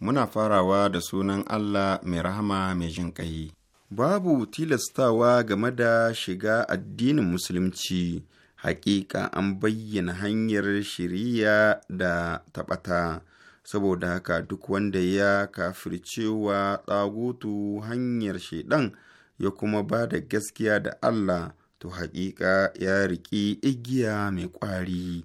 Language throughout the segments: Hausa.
muna farawa da sunan Allah mai rahama mai jin ƙai. Babu tilastawa game da shiga addinin Musulunci, hakika an bayyana hanyar shiriya da taɓata, saboda haka duk wanda ya kafircewa tsagutu hanyar shaidan ya kuma ba da gaskiya da Allah, to haƙiƙa ya riƙi igiya mai ƙwari.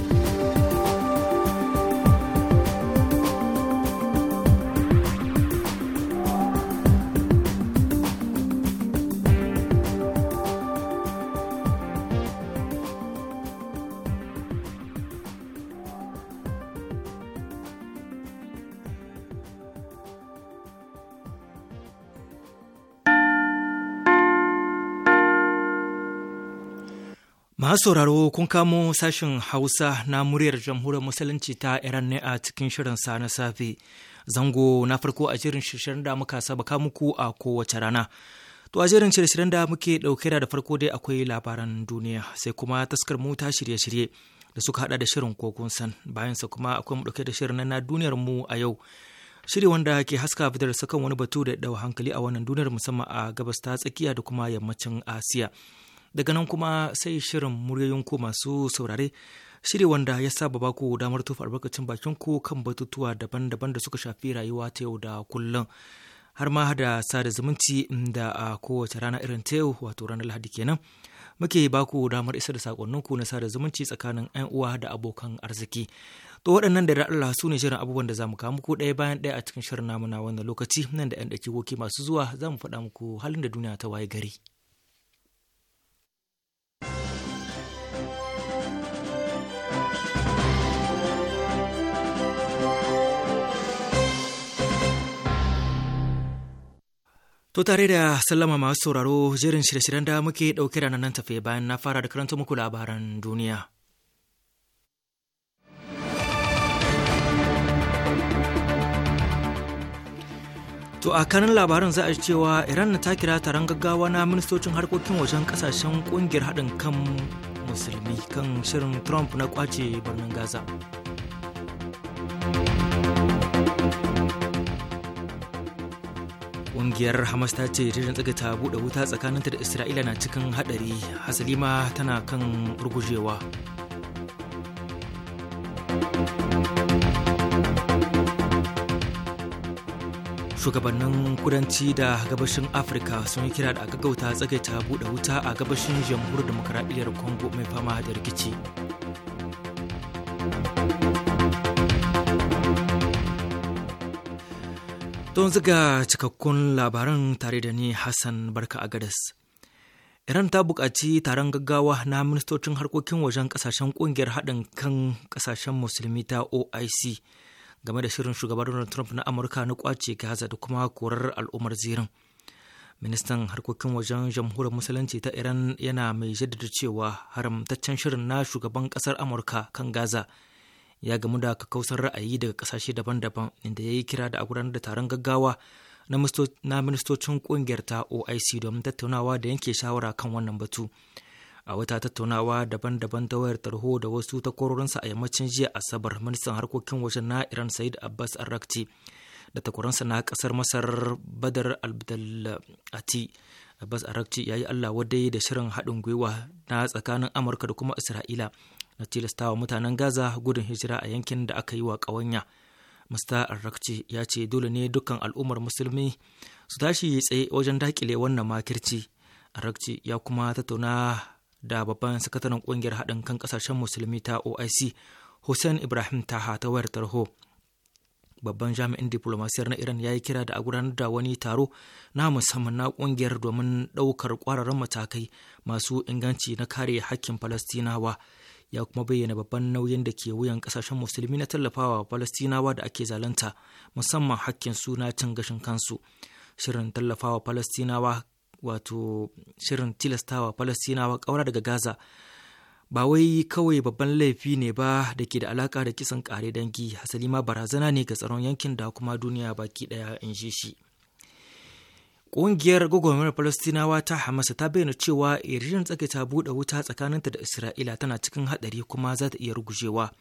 Masu sauraro kun kamo sashen Hausa na muryar jamhuriyar Musulunci ta Iran ne a cikin shirin sa na safe. Zango na farko a jirin shirin da muka saba muku a kowace rana. To a jerin shirin da muke ɗauke da farko dai akwai labaran duniya sai kuma taskar mu ta shirye-shirye da suka hada da shirin kogon san bayan sa kuma akwai mu dauke da shirin na duniyar mu a yau. Shiri wanda ke haska fitar sakan wani batu da dau hankali a wannan duniyar musamman a gabas ta tsakiya da kuma yammacin Asiya. daga nan kuma sai shirin muryoyin ku masu saurare shiri wanda ya saba ba ku damar tufa albarkacin bakin ku kan batutuwa daban-daban da suka shafi rayuwa ta yau da kullum har ma da sada zumunci da a kowace rana irin ta yau wato ranar lahadi kenan muke ba ku damar isar da ku na sada zumunci tsakanin 'yan uwa da abokan arziki to waɗannan da Allah su ne shirin abubuwan da za mu kawo muku ɗaya bayan ɗaya a cikin shirin namu na wannan lokaci nan da 'yan ɗaki masu zuwa za mu faɗa muku halin da duniya ta waye gari. To tare da sallama masu sauraro jerin shirye-shiryen da muke ɗauke da nan tafe bayan na fara da karanta muku labaran duniya. To a kanin labarin za a cewa Iran ta kira taron gaggawa na ministocin harkokin wajen kasashen kungiyar haɗin kan musulmi kan shirin Trump na kwace birnin Gaza. Ƙungiyar Hamas ta ce jirgin tsaga ta buɗe wuta tsakanin ta da Isra'ila na cikin haɗari, Hasalima tana kan rugujewa. Shugabannin kudanci da gabashin Afirka sun yi kira da gaggauta tsagaita buɗe wuta a gabashin jamhuriyar demokaradiyyar Congo mai fama da rikici. Don ziga cikakkun labaran tare da ni Hassan Barka a Gadas. Iran ta buƙaci taron gaggawa na ministocin harkokin wajen ƙasashen ƙungiyar haɗin kan ƙasashen musulmi ta OIC game da shirin shugaban Donald Trump na Amurka na ƙwace Gaza da kuma korar al'ummar zirin. Ministan harkokin wajen jamhuriyar musulunci ta Iran yana mai jaddada cewa haramtaccen shirin na shugaban ƙasar Amurka kan Gaza ya gamu da kakausar ra'ayi daga kasashe daban-daban inda ya yi kira da a gudanar da taron gaggawa na ministocin kungiyar ta oic domin tattaunawa da yanke shawara kan wannan batu a wata tattaunawa daban-daban ta wayar tarho da wasu takwarorinsa a yammacin jiya asabar ministan harkokin waje na iran said abbas arrakti da takwarorinsa na kasar masar badar abdulati abbas arrakti ya yi allah wadai da shirin haɗin gwiwa na tsakanin amurka da kuma isra'ila na tilastawa mutanen Gaza gudun hijira a yankin da aka yi wa kawanya musta Arrakci ya ce dole ne dukkan al'ummar musulmi su tashi tsaye wajen dakile wannan makirci. Arrakci ya kuma tattauna da babban sakataren ƙungiyar haɗin kan ƙasashen musulmi ta OIC Hussein Ibrahim Taha ta wayar tarho. Babban jami'in diplomasiyar na Iran ya yi kira da a gudanar da wani taro na musamman na kungiyar domin ɗaukar ƙwararren matakai masu inganci na kare hakkin Falastinawa. ya kuma bayyana babban nauyin da ke wuyan kasashen musulmi na tallafawa falastinawa da ake zalunta musamman hakkin suna cin gashin kansu shirin tallafawa falastinawa wato shirin tilastawa falastinawa kaura daga gaza ba wai kawai babban laifi ne ba da ke da alaka da kisan kare dangi hasali ma barazana ne ga tsaron yankin da kuma duniya baki daya in shi Ƙungiyar gwagwarmayar Falastinawa ta Hamas ta bayyana cewa yarjejeniyar tsake ta buɗe wuta tsakaninta da Isra'ila tana cikin haɗari kuma za ta iya rugujewa.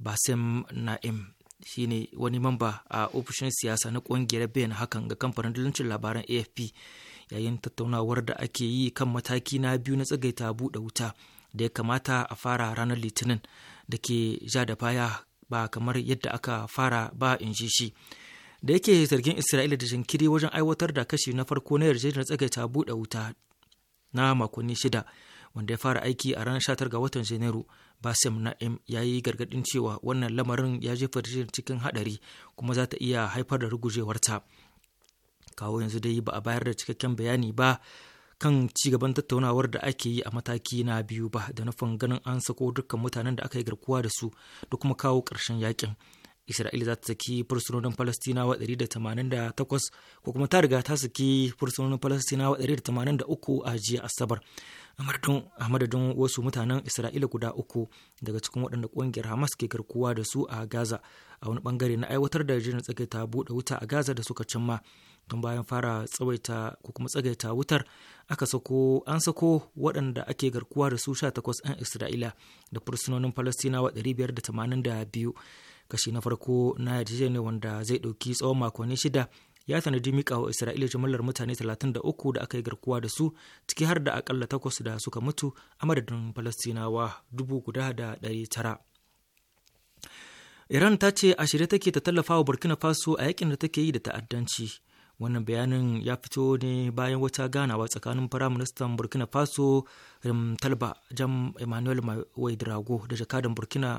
Basim Na'im shi ne wani mamba a ofishin siyasa na ƙungiyar bayyana hakan ga kamfanin dalancin labaran AFP yayin tattaunawar da ake yi kan mataki na biyu na tsagaita buɗe wuta da ya kamata a fara ranar Litinin da ke ja da baya ba kamar yadda aka fara ba in shi. da yake zargin isra'ila da jinkiri wajen aiwatar da kashi na farko na yarjejeniyar tsagaita buɗe wuta na makonni shida wanda ya fara aiki a ranar 19 ga watan janairu basim na'im ya yi gargaɗin cewa wannan lamarin ya jefa yarjejeniyar cikin haɗari kuma za ta iya haifar da rugujewarta kawo yanzu dai ba a bayar da cikakken bayani ba kan ci gaban tattaunawar da ake yi a mataki na biyu ba da nufin ganin an sako dukkan mutanen da aka yi garkuwa da su da kuma kawo ƙarshen yakin isra'ila za ta saki fursunonin falastinawa 188 ko kuma ta riga ta saki fursunonin falastinawa 183 a jiya asabar a madadin wasu mutanen isra'ila guda uku daga cikin waɗanda ƙungiyar hamas ke garkuwa da su a gaza a wani bangare na aiwatar da jirgin tsagai ta buɗe wuta a gaza da suka cimma tun bayan fara tsawaita ko kuma tsagaita wutar aka sako an sako waɗanda ake garkuwa da su 18 'yan isra'ila da fursunonin falastinawa 582 kashi na farko na yarjejeniyar wanda zai ɗauki tsawon makonni shida ya sanadi mika wa Isra'ila jimillar mutane 33 da aka yi garkuwa da su ciki har da akalla takwas da suka mutu a madadin Falastinawa dubu guda tara. Iran ta ce a shirye take ta tallafa wa Burkina Faso a yakin da take yi da ta'addanci. Wannan bayanin ya fito ne bayan wata ganawa tsakanin Firaministan Burkina Faso Talba Jam Emmanuel Waidrago da jakadan Burkina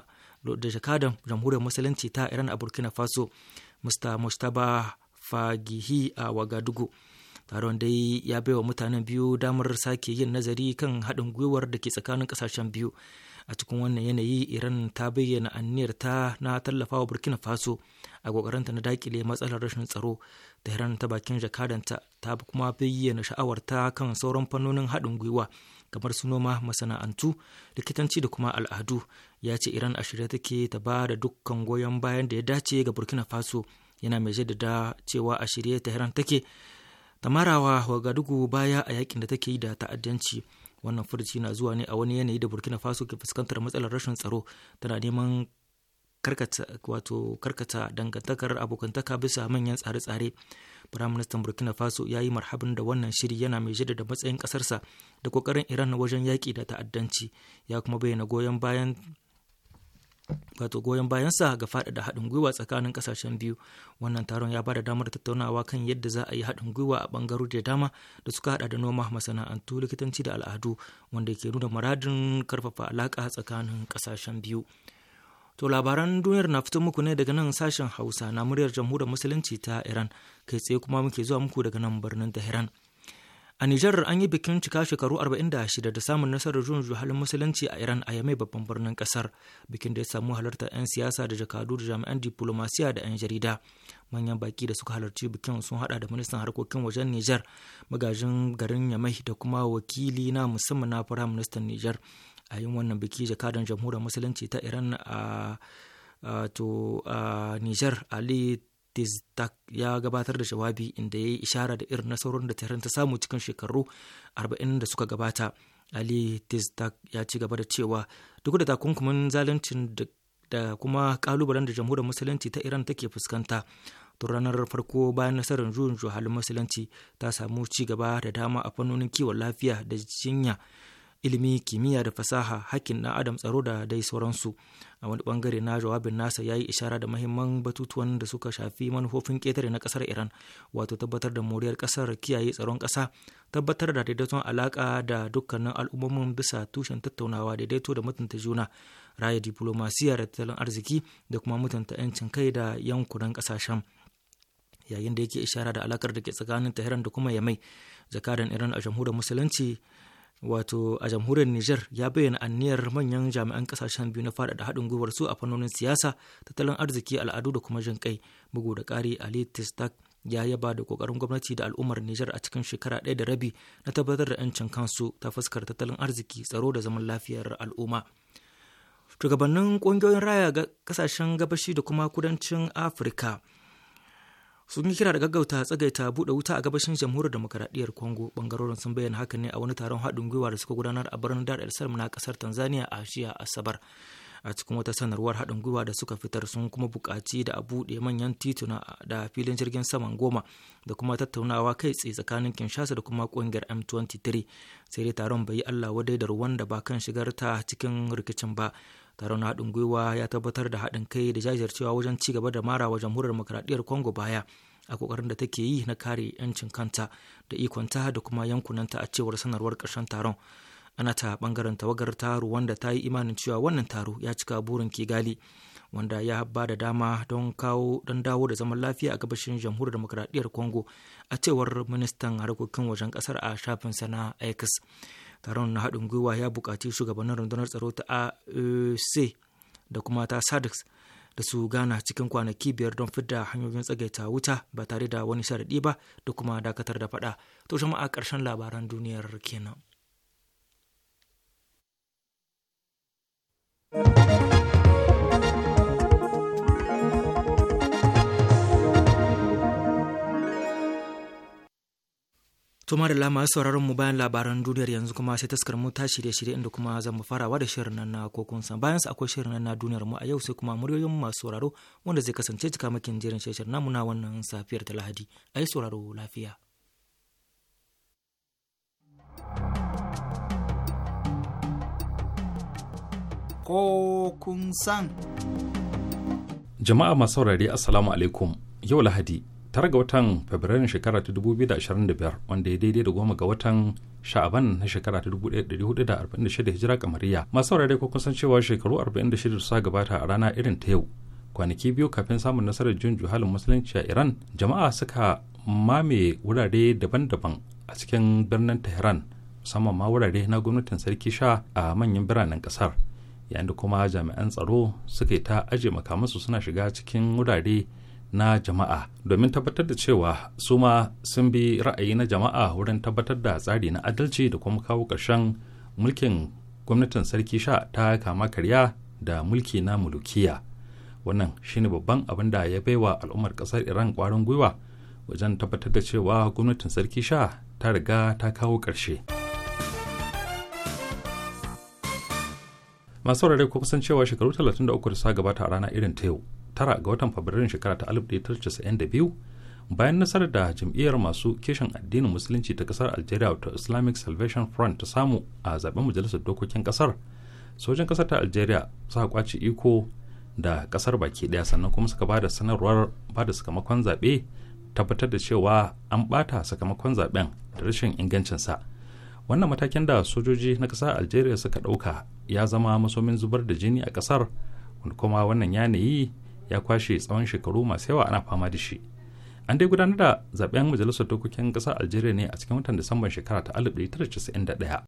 da jakadan jamhuriyar musulunci ta iran a burkina faso mr mustaba fagihi a wagadugu taron dai ya baiwa mutanen biyu damar sake yin nazari kan haɗin gwiwar da ke tsakanin ƙasashen biyu a cikin wannan yanayi iran ta bayyana ta na tallafawa burkina faso a ƙoƙarinta na dakile matsalar rashin tsaro da iran ta bakin jakadanta ta kuma bayyana sha'awarta kan sauran fannonin haɗin gwiwa kamar su noma masana'antu likitanci da kuma al'adu ya ce iran a shirye take ta ba da dukkan goyon bayan da ya dace ga burkina faso yana mai jaddada cewa a shirye tehran take ta marawa wagadugu baya a yakin da take yi da ta'addanci wannan furuci na zuwa ne a wani yanayi da burkina faso ke fuskantar matsalar rashin tsaro tana neman karkata dangantakar abokantaka bisa manyan tsare-tsare firaministan burkina faso ya yi marhabin da wannan shiri yana mai jaddada matsayin kasarsa da kokarin iran wajen yaƙi da ta'addanci ya kuma bayyana goyon bayan wato goyon bayansa ga faɗaɗa haɗin gwiwa tsakanin ƙasashen biyu wannan taron ya bada damar tattaunawa kan yadda za a yi haɗin gwiwa a ɓangarori da dama da suka haɗa da noma masana'antu likitanci da al'adu wanda ke nuna muradin karfafa alaƙa tsakanin ƙasashen biyu to labaran duniyar na fito muku ne daga nan sashen hausa na muryar jamhuriyar musulunci ta iran kai tsaye kuma muke zuwa muku daga nan birnin tehran A Nijar an yi bikin cika shekaru 46 da samun nasarar juyin halin musulunci a Iran a yamai babban birnin kasar, bikin da ya samu halartar 'yan siyasa da jakadu da jami'an diplomasiya da 'yan jarida. Manyan baki da suka halarci bikin sun hada da ministan harkokin wajen Nijar, magajin garin Yamai da kuma wakili na musamman na firayim ministan Nijar. A yin wannan biki jakadan jamhuriyar musulunci ta Iran a to a Nijar Ali Dizdak ya gabatar da jawabi inda ya yi ishara da irin nasarorin da Tehran ta samu cikin shekaru 40 da suka gabata. Ali Dizdak ya ci gaba da cewa duk da takunkumin zaluncin da kuma kalubalen da jamhuriyar musulunci ta Iran take fuskanta. To ranar farko bayan nasarar juyin juhalin musulunci ta samu ci gaba da dama a fannonin kiwon lafiya da jinya ilimi kimiyya da fasaha hakkin ɗan adam tsaro da dai sauransu a wani bangare na jawabin nasa ya yi ishara da mahimman batutuwan da suka shafi manufofin ƙetare na ƙasar iran wato tabbatar da moriyar ƙasar kiyaye tsaron ƙasa tabbatar da daidaiton alaƙa da dukkanin al'ummomin bisa tushen tattaunawa daidaito da mutunta juna raya diplomasiya da tattalin arziki da kuma mutunta 'yancin kai da yankunan ƙasashen yayin da yake ishara da alakar da ke tsakanin tehran da kuma yamai jakadan iran a jamhuriyar musulunci wato a jamhuriyar niger ya bayyana anniyar manyan jami'an kasashen biyu na faɗaɗa haɗin gwiwar su a fannonin siyasa, tattalin arziki, al'adu da kuma jin kai. Bugu da ƙari Ali Tistak ya yaba da ƙoƙarin gwamnati da al'ummar niger a cikin shekara ɗaya da rabi na tabbatar da 'yancin kansu ta fuskar tattalin arziki, tsaro da zaman lafiyar al'umma. Shugabannin ƙungiyoyin raya ga ƙasashen gabashi da kuma kudancin Afirka sun yi kira da gaggauta tsagaita buɗe wuta a gabashin jamhuriyar demokaradiyyar congo bangarorin sun bayyana haka ne a wani taron haɗin gwiwa da suka gudanar a birnin dar el na ƙasar tanzania a jiya asabar a cikin wata sanarwar haɗin gwiwa da suka fitar sun kuma buƙaci da a buɗe manyan tituna da filin jirgin saman goma da kuma tattaunawa kai tsaye tsakanin kinshasa da kuma ƙungiyar m23 sai dai taron bai yi allah wadai da ruwan da ba kan shigar ta cikin rikicin ba taron haɗin gwiwa ya tabbatar da haɗin kai da jajircewa wajen ci gaba da mara wa jamhuriyar demokradiyyar congo baya a kokarin da take yi na kare 'yancin kanta da ikonta da kuma yankunanta a cewar sanarwar ƙarshen taron ana ta bangaren tawagar taro wanda ta yi imanin cewa wannan taro ya cika burin Kigali wanda ya ba da dama don kawo don dawo da zaman lafiya a gabashin jamhuriyar demokradiyyar Congo a cewar ministan harkokin wajen kasar a shafin sana X taron na haɗin gwiwa ya buƙaci shugabannin rundunar tsaro ta aec da kuma ta SADC da su gana cikin kwanaki biyar don fidda hanyoyin tsagaita wuta ba tare da wani sharaɗi ba da kuma dakatar da faɗa to a ƙarshen labaran duniyar kenan. To da lama sauraron mu bayan labaran duniyar yanzu kuma sai taskar mu ta shirye shirye inda kuma zamu fara farawa da shirin nan na kokon san bayan sa akwai shirin nan na duniyar mu a yau sai kuma muryoyin masu sauraro wanda zai kasance cika makin jerin shirin namu na wannan safiyar ta Lahadi. Ai sauraro lafiya. Kokun san. Jama'a masu saurare Assalamu alaikum. Yau Lahadi tara ga watan fabrairun shekara ta 2025 wanda ya daidai da goma ga watan sha'aban na shekara ta 1446 hijira kamariya masu saurare ko kusan cewa shekaru 46 suka gabata a rana irin ta yau kwanaki biyu kafin samun nasarar jin juhalin musulunci a iran jama'a suka mame wurare daban-daban a cikin birnin tehran musamman ma wurare na gwamnatin sarki sha a manyan biranen kasar yayin da kuma jami'an tsaro suka yi ta aje makamansu suna shiga cikin wurare na jama'a domin tabbatar da cewa su ma sun bi ra'ayi na jama'a wurin tabbatar da tsari na adalci da kuma kawo ƙarshen mulkin gwamnatin sarki sha ta kama karya da mulki na mulukiya wannan shine babban abin da ya baiwa al'ummar ƙasar iran ƙwarin gwiwa wajen tabbatar da cewa gwamnatin sarki sha ta riga ta kawo ƙarshe. masu saurare kuma san cewa shekaru 33 da suka gabata a rana irin ta yau tara ga watan fabrairun shekara ta biyu. bayan nasarar da jam'iyyar masu kishin addinin musulunci ta kasar algeria wato islamic salvation front ta samu a zaben majalisar dokokin kasar sojin kasar ta algeria suka kwace iko da kasar baki daya sannan kuma suka ba da sanarwar ba da sakamakon zaɓe tabbatar da cewa an bata sakamakon zaben da rashin ingancinsa wannan matakin da sojoji na kasar algeria suka ɗauka ya zama masomin zubar da jini a kasar kuma wannan yanayi ya kwashe tsawon shekaru masu yawa ana fama da shi an dai gudanar da zaben majalisar dokokin ƙasar algeria ne a cikin watan disamban shekara ta 1991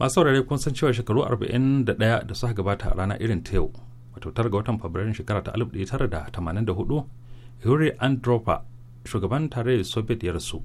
masu saurare kun san cewa shekaru 41 da suka gabata a rana irin ta yau wato ga watan fabrairun shekara ta 1984 yuri andropa shugaban tarayyar soviet ya rasu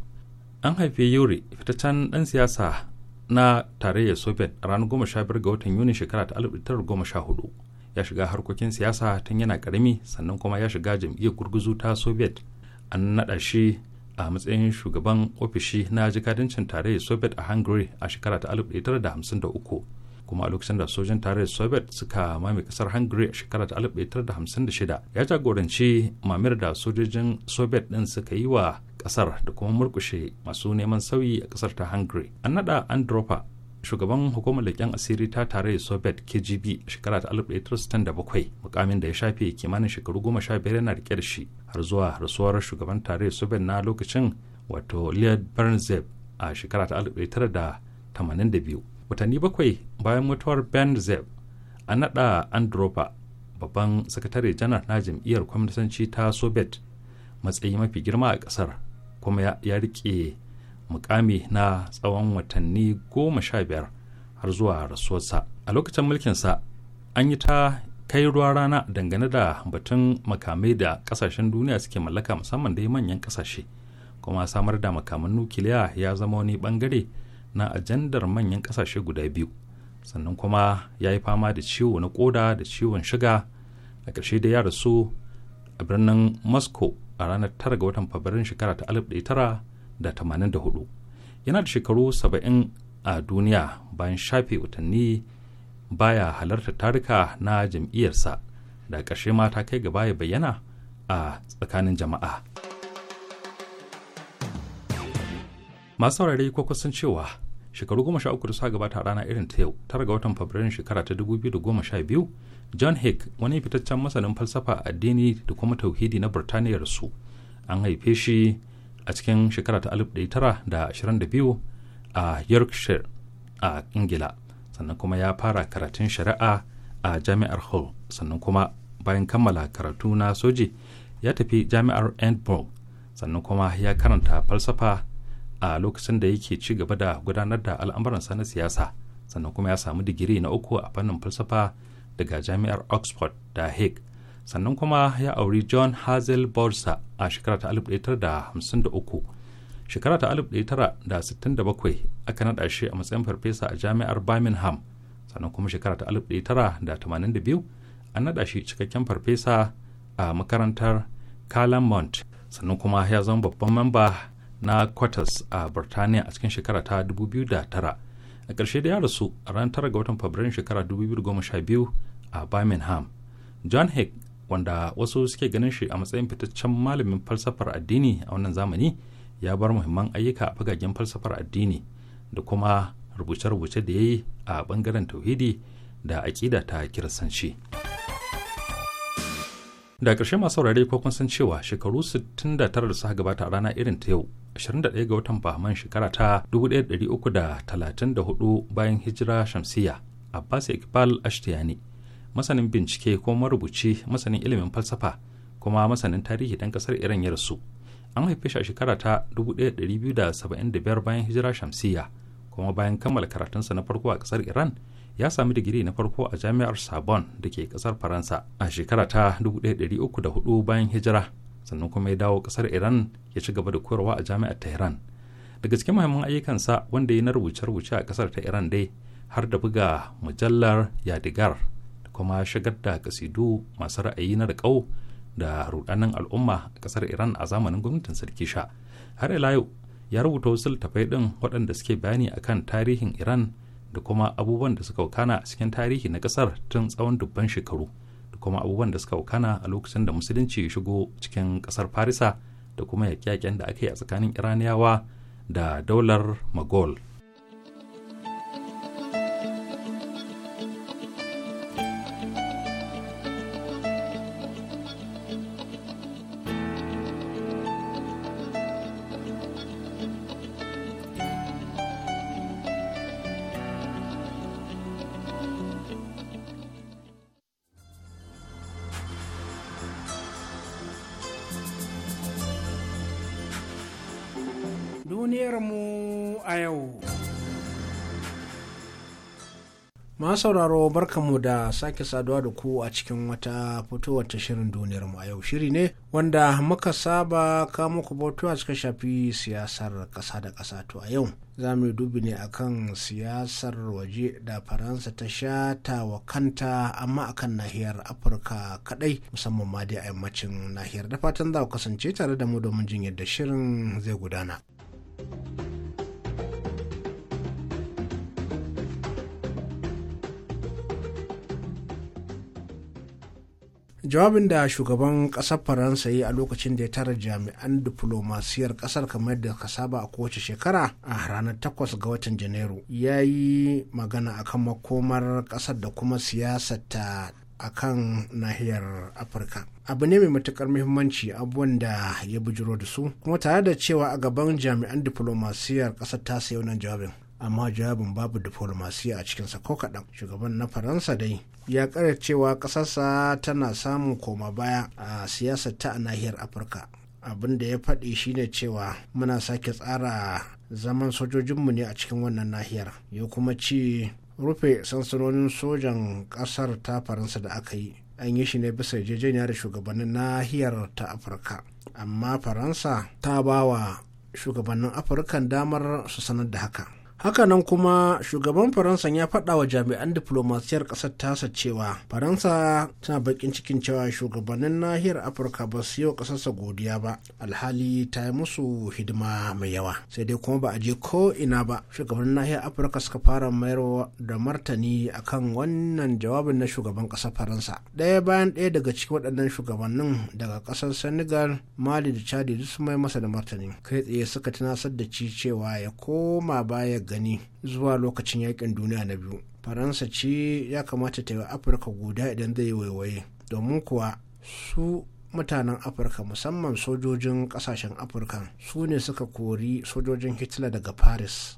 an haife yuri fitaccen ɗan siyasa na tarayyar soviet a ranar 15 ga watan yuni shekara ta 1914 ya shiga harkokin siyasa tun yana karami sannan kuma ya shiga jam'iyyar gurguzu ta soviet an naɗa shi a matsayin shugaban ofishi na jikadancin tarayyar soviet a hungary a shekara ta 1953 kuma a lokacin da sojin tarayyar soviet suka mame kasar hungary a shekara ta 1956 ya jagoranci mamayar da sojojin soviet din suka yi wa kasar da kuma murkushe masu neman sauyi a kasar ta hungary an nada andropa shugaban hukumar leƙen asiri ta tare soviet kgb shekara ta 1967 mukamin da ya shafe kimanin shekaru goma sha biyar yana rike da shi har zuwa rasuwar shugaban tare soviet na lokacin wato leonid bernzev a shekara ta 1982 watanni bakwai bayan mutuwar bernzev an naɗa andropa babban sakatare janar na jam'iyyar kwamitanci ta soviet matsayi mafi girma a ƙasar kuma ya rike mukami na tsawon watanni goma sha biyar har zuwa rasuwarsa a lokacin mulkinsa an yi ta kai ruwa rana dangane da batun makamai da kasashen duniya suke mallaka musamman dai manyan kasashe kuma samar da makaman nukiliya ya zama wani bangare na ajandar manyan kasashe guda biyu sannan kuma ya yi fama da ciwo na koda da ciwon shiga a ƙarshe da ya rasu a birnin moscow a ranar tara ga watan fabrairun shekara ta alif da da hudu yana da shekaru saba'in a duniya bayan shafe watanni baya halarta tarika na jam'iyyarsa da ƙarshe ma ta kai gaba ya bayyana a tsakanin jama'a masu saurare ko kusan cewa shekaru goma sha uku da suka gabata a rana irin ta yau tara ga watan fabrairun shekara ta da goma sha biyu. john hick wani fitaccen masanin falsafa addini da kuma tauhidi na Burtaniyar su an haife shi a cikin shekara ta 1922 a yorkshire a ingila sannan kuma ya fara karatun shari'a a jami'ar hull sannan kuma bayan kammala karatu na soji ya tafi jami'ar edinburgh sannan kuma ya karanta falsafa a lokacin da yake ci gaba da gudanar da al'amuransa na siyasa sannan kuma ya samu digiri na uku a fannin falsafa daga jami'ar oxford da hague sannan kuma ya auri john hazel borsa a shekara ta 1953 shekara ta 1967 aka naɗa shi a matsayin farfesa a jami'ar birmingham sannan kuma shekara ta 1982 an naɗa shi cikakken farfesa a makarantar calamont sannan kuma ya zama babban mamba na quartus a birtaniya a cikin shekara ta 2009 a ƙarshe da ya rasu a ranar tara ga watan fabrairun shekara 2012 a birmingham john heck wanda wasu suke ganin shi a matsayin fitaccen malamin falsafar addini a wannan zamani ya bar muhimman ayyuka a fagagen falsafar addini da kuma rubuce-rubuce da ya yi a bangaren tauhidi da aƙida ta kiristanci. da ƙarshe masu saurare ko kun san cewa shekaru 69 da suka gabata a rana irin ta yau 21 ga watan Bahman shekara ta 1334 bayan hijira shamsiya Abbas Iqbal Ashtiyani masanin bincike ko marubuci masanin ilimin falsafa kuma masanin tarihi dan kasar Iran ya rasu an haife shi a shekara ta 1275 bayan hijira shamsiya kuma bayan kammala karatunsa na farko a kasar Iran ya sami digiri na farko a jami'ar sabon da ke kasar faransa a shekara ta 1304 bayan hijira sannan kuma ya dawo kasar iran ya ci gaba da koyarwa a jami'ar tehran daga cikin muhimman ayyukansa wanda ya na rubuce-rubuce a kasar ta iran dai har da buga mujallar yadigar da kuma shigar da kasidu masu ra'ayi na rikau da rudanin al'umma a kasar iran a zamanin gwamnatin sarki sha har ila yau ya rubuta wasu littafai ɗin waɗanda suke bayani akan tarihin iran da kuma abubuwan da suka wakana a cikin tarihi na kasar tun tsawon dubban shekaru da kuma abubuwan da suka wakana a lokacin da musulunci ya shigo cikin kasar farisa da kuma yaƙe-yaƙen da aka yi a tsakanin iraniyawa da daular magol mu a yau. Masu sauraro barkamu da sake saduwa da ku a cikin wata fitowar ta shirin mu a yau shiri ne wanda muka saba ka muku a cikin shafi siyasar ƙasa da ƙasa to a yau za mu dubi ne akan siyasar waje da faransa ta shatawa wa kanta amma akan nahiyar afirka kadai musamman ma dai a yammacin nahiyar da fatan za ku kasance tare da mu domin jin yadda shirin zai gudana. jawabin da shugaban ƙasar faransa yi a lokacin da ya tara jami'an diflomasiyar ƙasar kamar da ka saba a kowace shekara a ranar 8 ga watan janairu ya yi magana akan makomar ƙasar da kuma siyasar ta a kan nahiyar afirka abu ne mai matukar muhimmanci abubuwan da ya bujiro da su kuma tare da cewa a gaban jami'an diflomasiyar kasar ta sayo wannan jawabin amma jawabin babu diflomasiya a cikinsa ko kaɗan shugaban na faransa dai ya ƙara cewa ƙasarsa tana samun koma baya a siyasar ta a nahiyar afirka abin da ya faɗi shine cewa muna sake tsara zaman sojojinmu ne a cikin wannan nahiyar ya kuma ce rufe sansanonin sojan kasar ta faransa da aka yi an yi shi ne bisa yarjejeniya da shugabannin nahiyar ta afirka amma faransa ta ba wa shugabannin afirkan damar su sanar da haka hakanan kuma shugaban faransa ya faɗa wa jami'an diflomasiyar ƙasar tasa cewa faransa tana bakin cikin cewa shugabannin nahiyar afirka ba su yi wa ƙasarsa godiya ba alhali ta yi musu hidima mai yawa sai dai kuma ba a je ko ina ba shugabannin nahiyar afirka suka fara mayar da martani akan wannan jawabin na shugaban ƙasar faransa daya bayan ɗaya daga cikin waɗannan shugabannin daga ƙasar senegal mali da chadi duk sun mai masa da martani kai tsaye suka tunasar da ci cewa ya koma baya gani zuwa lokacin yakin duniya na biyu faransa ce ya kamata ta yi wa afirka guda idan zai waiwaye domin kuwa su mutanen afirka musamman sojojin kasashen afirka su ne suka kori sojojin hitler daga paris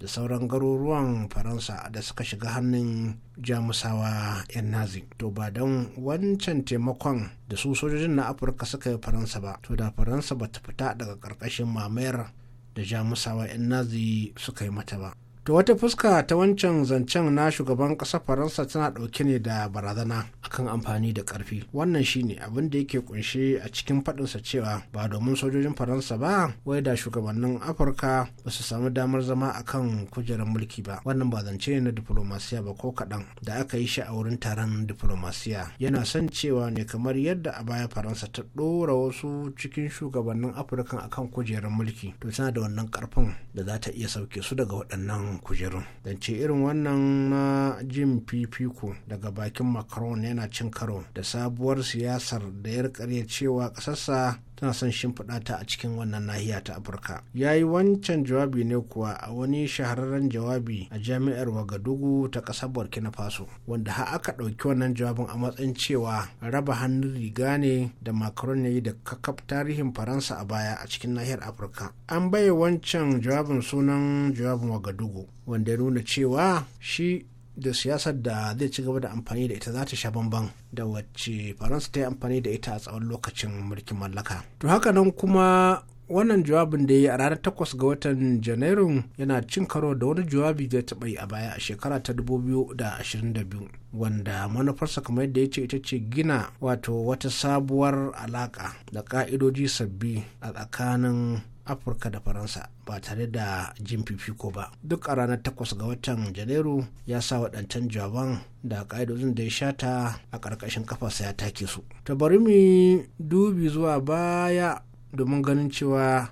da sauran garuruwan faransa da suka shiga hannun jamusawa 'yan nazi to ba don wancan taimakon da su sojojin na afirka suka yi faransa ba to da faransa ba ta fita daga ƙarƙashin mamayar da jamusawa 'yan nazi suka yi mata ba to wata fuska ta wancan zancen na shugaban ƙasar faransa tana ɗauke ne da barazana akan amfani da ƙarfi wannan shine abin da yake kunshe a cikin faɗinsa cewa ba domin sojojin faransa ba wai da shugabannin afirka ba su samu damar zama akan kujerar mulki ba wannan ba zance ne na diplomasiya ba ko kaɗan da aka yi shi a wurin taron diplomasiya yana son cewa ne kamar yadda a baya faransa ta ɗora wasu cikin shugabannin afirka akan kujerar mulki to tana da wannan ƙarfin da za ta iya sauke su daga waɗannan kan kujerun don ce irin wannan na jin fifiko daga bakin macron yana cin karo da sabuwar siyasar da ya cewa ƙasarsa suna son shimfiɗa ta a cikin wannan nahiya ta afirka ya yi wancan jawabi ne kuwa a wani shahararren jawabi a jami'ar wagadugu ta ƙasar burkina faso wanda har aka ɗauki wannan jawabin a matsayin cewa raba hannun riga ne da macron ya yi da kakaf tarihin faransa a baya a cikin nahiyar afirka an baye wancan jawabin sunan jawabin wagadugu wanda ya nuna cewa shi da siyasar da zai ci gaba da amfani da ita za ta sha bamban da wacce faransa ta yi amfani da ita a tsawon lokacin mulkin mallaka to haka nan kuma wannan jawabin da ya yi a ranar takwas ga watan janairun yana cin karo da wani jawabi da taɓa yi a baya a shekara ta 2022 wanda manufarsa kamar yadda ya ce ita ce gina wato wata sabuwar alaƙa da ka'idoji sabbi a tsakanin afirka da faransa ba tare da jin fifiko ba duk a ranar takwas ga watan janairu ya sa waɗancan jaban da ƙa'idojin da ya shata a ƙarƙashin kafarsa ya take su ta bari mu dubi zuwa baya domin ganin cewa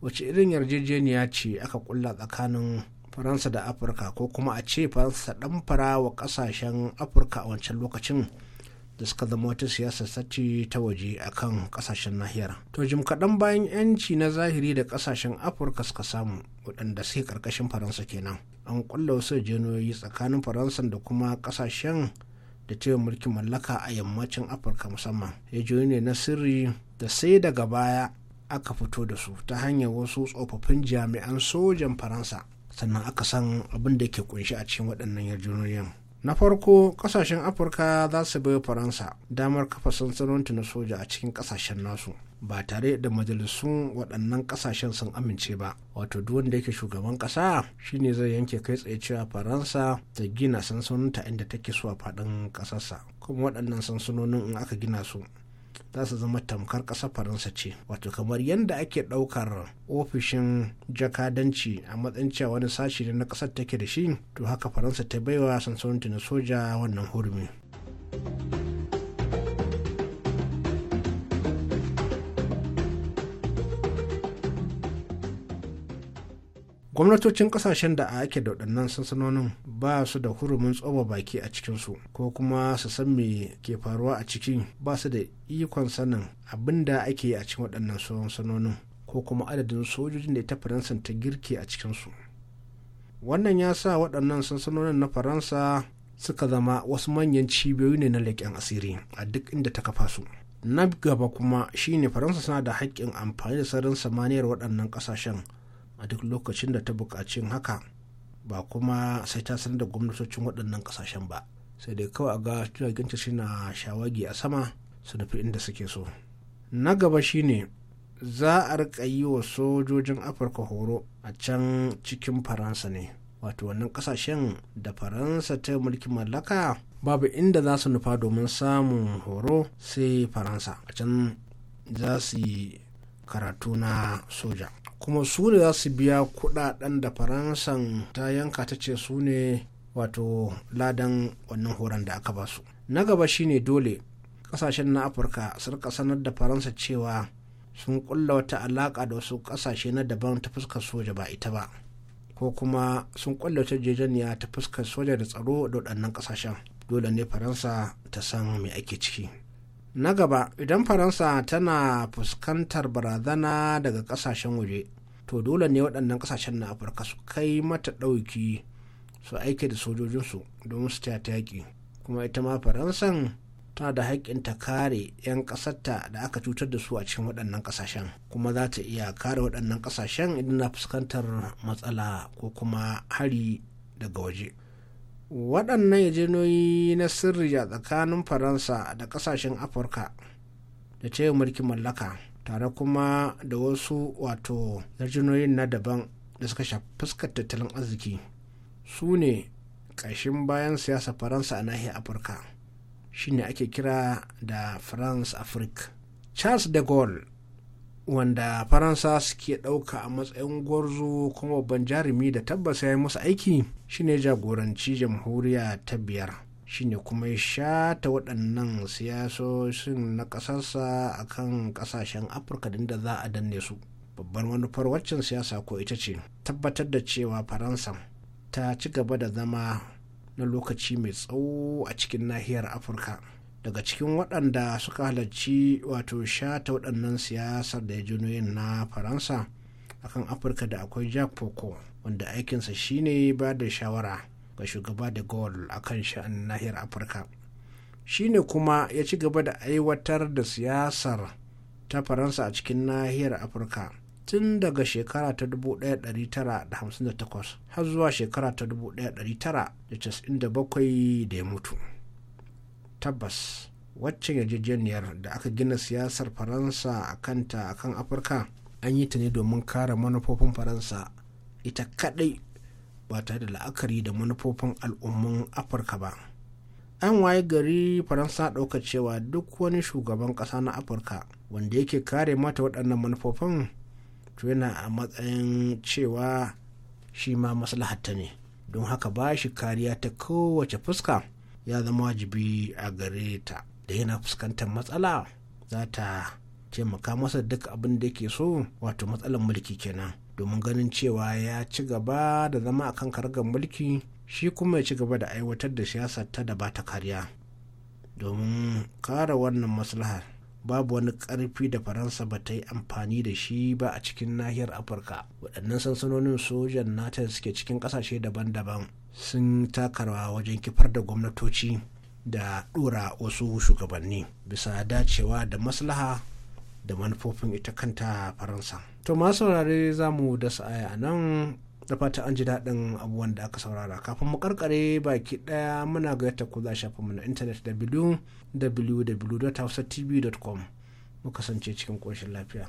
wace irin yarjejeniya ce aka kulla tsakanin faransa da afirka ko kuma a ce faransa ɗan fara wa ƙasashen afirka a wancan lokacin da suka zama wata siyasa sace ta waje a kan kasashen nahiyar to jim kaɗan bayan yanci na zahiri da kasashen afirka suka samu waɗanda suke ƙarƙashin faransa kenan an ƙulla wasu jenoyi tsakanin faransa da kuma kasashen da cewa mulkin mallaka a yammacin afirka musamman ya ne na sirri da sai daga baya aka fito da su ta hanyar wasu tsofaffin jami'an sojan faransa sannan aka san abin da ke kunshi a cikin waɗannan yarjejeniyar. na farko kasashen afirka za su bai faransa damar kafa sansanonta na soja a cikin kasashen nasu ba tare da majalisun waɗannan kasashen sun amince ba wato duk wanda yake shugaban ƙasa shine zai yanke kai tsaye cewa faransa ta gina ta inda take so a faɗin ƙasarsa kuma waɗannan sansanonin in aka gina su za su zama tamkar ƙasa faransa ce wato kamar yadda ake ɗaukar ofishin jakadanci a matsayin cewa wani sashi na ƙasar take da shi to haka faransa ta baiwa sansanin na soja wannan hurumi. gwamnatocin kasashen da ake da waɗannan sansanonin ba su da hurumin tsoma baki a cikinsu ko kuma su san me ke faruwa a cikin ba su da ikon sanin abin da ake yi a cikin waɗannan sansanonin ko kuma adadin sojojin da ta faransa ta girke a cikinsu wannan ya sa waɗannan sansanonin na faransa suka zama wasu manyan cibiyoyi ne na leƙen asiri a duk inda ta kafa su na gaba kuma shine faransa suna da haƙƙin amfani da sararin samaniyar waɗannan ƙasashen a duk lokacin da ta buƙaci haka ba kuma sai ta sanar da gwamnatocin waɗannan ƙasashen ba sai dai kawai a ga jiragen suna shawagi a sama su nufi inda suke so na gaba shine za a rika yi wa sojojin afirka horo a can cikin faransa ne wato wannan kasashen da faransa ta mulkin mallaka babu inda za su nufa domin samun horo sai faransa a can za su yi karatu na soja kuma su ne za su biya kudaden da faransan ta yanka ta ce su ne wato ladan wannan horon da aka basu na gaba shine dole kasashen na afirka su rika sanar da faransa cewa sun kulla wata alaka da wasu kasashe na daban ta fuskar soja ba ita ba ko kuma sun kulla wata jejeniya ta fuskar soja da tsaro da waɗannan kasashen dole ne faransa ta san mai ake ciki na gaba idan faransa tana fuskantar barazana daga kasashen waje to dole ne waɗannan kasashen na afirka su kai mata ɗauki su aike da sojojinsu domin su ta yaƙi kuma ita ma faransan tana da haƙƙin ta kare 'yan ƙasarta da aka cutar da su a cikin waɗannan ƙasashen kuma za ta iya kare waɗannan ƙasashen idan na fuskantar matsala ko kuma hari daga waje. waɗannan yajenoyi na sirri a tsakanin faransa da ƙasashen afirka da ce mulkin mallaka tare kuma da wasu wato yarjinoyin na daban da suka shafi fuskar tattalin arziki su ne ƙashin bayan siyasa faransa a nahiyar afirka shine ake kira da france afrique charles de gaulle wanda faransa suke ɗauka a matsayin gwarzo kuma babban jarumi da tabbas ya yi musu aiki shine jagoranci jamhuriya ta biyar shine kuma ya shata waɗannan siyasoshin na ƙasarsa a kan ƙasashen afirka da za a danne su babbar manufar waccan siyasa ko ita ce tabbatar da cewa faransa ta ci gaba da zama na lokaci mai tsawo a cikin nahiyar afirka daga cikin waɗanda suka halarci wato shata waɗannan siyasar da ya yin na faransa akan afirka da akwai jack poco wanda aikinsa shine ba da shawara ga shugaba da gol akan sha'an nahiyar afirka shine kuma ya ci gaba da aiwatar da siyasar ta faransa a cikin nahiyar afirka tun daga shekara ta 1958 har zuwa shekara ta 1997 da ya mutu tabbas wacce yarjejeniyar da aka gina siyasar faransa a kanta a kan afirka an yi ta ne domin kare manufofin faransa ita kadai ba tare da la'akari da manufofin al'umman afirka ba an waye gari faransa ɗauka cewa duk wani shugaban ƙasa na afirka wanda yake kare mata waɗannan manufofin to yana a matsayin cewa shi ma maslahatta ne don haka ba shi kariya ta kowace fuska ya zama wajibi a gare ta da yana fuskantar matsala za ta taimaka masa duk abin da yake so wato matsalar mulki kenan domin ganin cewa ya ci gaba da zama a kan kargar mulki shi kuma ya ci gaba da aiwatar da siyasar ta da bata ta kariya domin kara wannan maslaha babu wani karfi da faransa ba ta yi amfani da shi ba a cikin nahiyar afirka waɗannan sansanonin sojan nata suke cikin ƙasashe daban-daban sun takarwa wajen kifar da gwamnatoci da ɗora wasu shugabanni bisa dacewa da maslaha da manufofin ita kanta faransa to ma saurare za mu da sa'aya a nan da fata an ji daɗin abubuwan da aka saurara kafin mu karkare baki ɗaya muna gayyata ku za shafin mu na intanet www.hausatv.com mu kasance cikin koshin lafiya.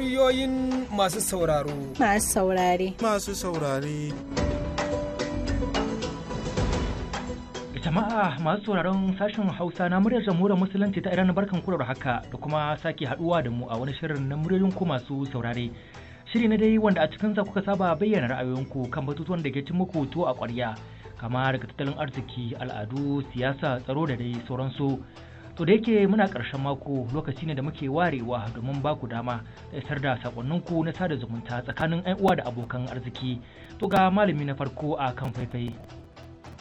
muryoyin masu sauraro. Masu saurare. Masu saurare. jama'a masu sauraron sashen hausa na muryar jamhuriyar musulunci ta iran barkan da haka da kuma sake haduwa da mu a wani shirin na muryoyin ku masu saurare shiri na dai wanda a cikin sa kuka saba bayyana ra'ayoyinku kan batutuwan da ke cin muku to a kwarya kama daga tattalin arziki al'adu siyasa tsaro da dai sauransu To da yake muna ƙarshen mako lokaci ne da muke warewa domin ba ku dama da isar da sakonninku na sada zumunta tsakanin 'yan uwa da abokan arziki. To ga malami na farko a kan faifai.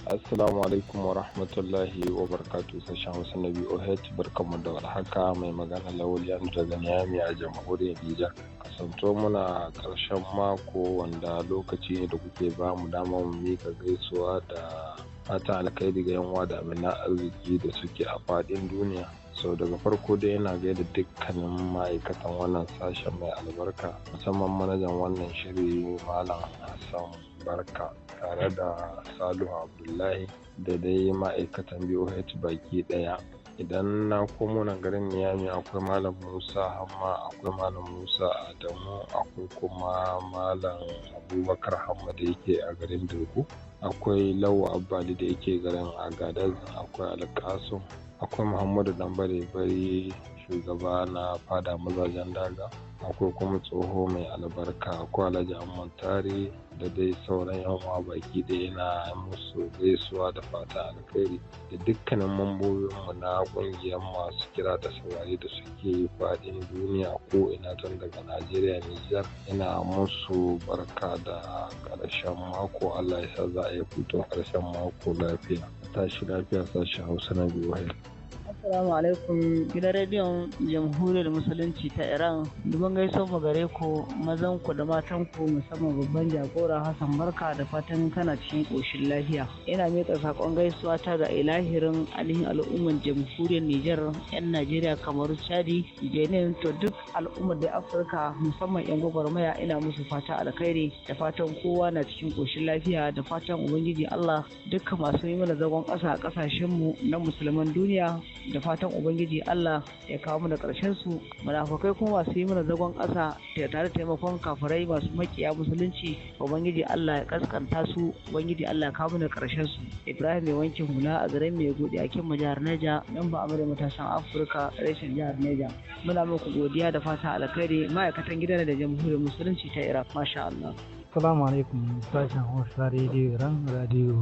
Assalamu alaikum wa rahmatullahi wa barkatu sashen wasu na BOH barkanmu da warhaka mai magana Lawali daga Ganiyami a jamhuriyar Nijar. Kasanto muna ƙarshen mako wanda lokaci ne da kuke ba mu dama mu mika gaisuwa da fatan alkhairi ga 'yan da amina arziki da suke a faɗin duniya sau daga farko dai yana gaida dukkanin ma'aikatan wannan sashen mai albarka musamman manajan wannan shiri malam hassan barka tare da salihu abdullahi da dai ma'aikatan boh baki daya idan na komo na garin niyami akwai malam musa hamma akwai malam musa adamu akwai kuma malam abubakar hamma da yake a garin dirku akwai lawa abbali da yake garin agadez akwai alkasu akwai muhammadu dambare bari shugaba na fada mazajen daga akwai kuma tsoho mai albarka akwai alhaji amman tare da dai sauran yan baki da yana musu gaisuwa da fata alkhairi da dukkanin mambobinmu na ƙungiyar masu kira da saurari da suke fadin duniya ko ina tun daga najeriya nijar Ina musu barka da ƙarshen mako allah ya sa za a yi hutun karshen mako lafiya tashi lafiya sashi hausa na biyu Assalamu alaikum gidan rediyon jamhuriyar musulunci ta Iran dubban gaisuwar mu gare ku mazan ku da matan ku musamman babban jagora Hassan Barka da fatan kana cikin koshin lafiya. Ina miƙa sakon gaisuwa ta ga ilahirin alihin al'umman jamhuriyar Nijar yan Najeriya kamar Chadi Benin to duk al'ummar da Afirka musamman yan gwagwarmaya ina musu fata alkhairi da fatan kowa na cikin koshin lafiya da fatan ubangiji Allah dukkan masu yi mana zagon ƙasa a ƙasashenmu na musulman duniya da fatan ubangiji Allah ya kawo mana ƙarshen su munafukai kuma masu yi mana zagon ƙasa da tare taimakon kafirai masu makiya musulunci ubangiji Allah ya kaskanta su ubangiji Allah ya kawo mana ƙarshen su Ibrahim mai wankin hula a garin mai gode a kin jihar Neja nan ba amurka matasan Afirka reshen jihar Neja muna muku godiya da fata alkhairi ma'aikatan gidan da jamhuriyar musulunci ta Iraq masha Allah. Assalamu alaikum sashen Hausa Radio Ran Radio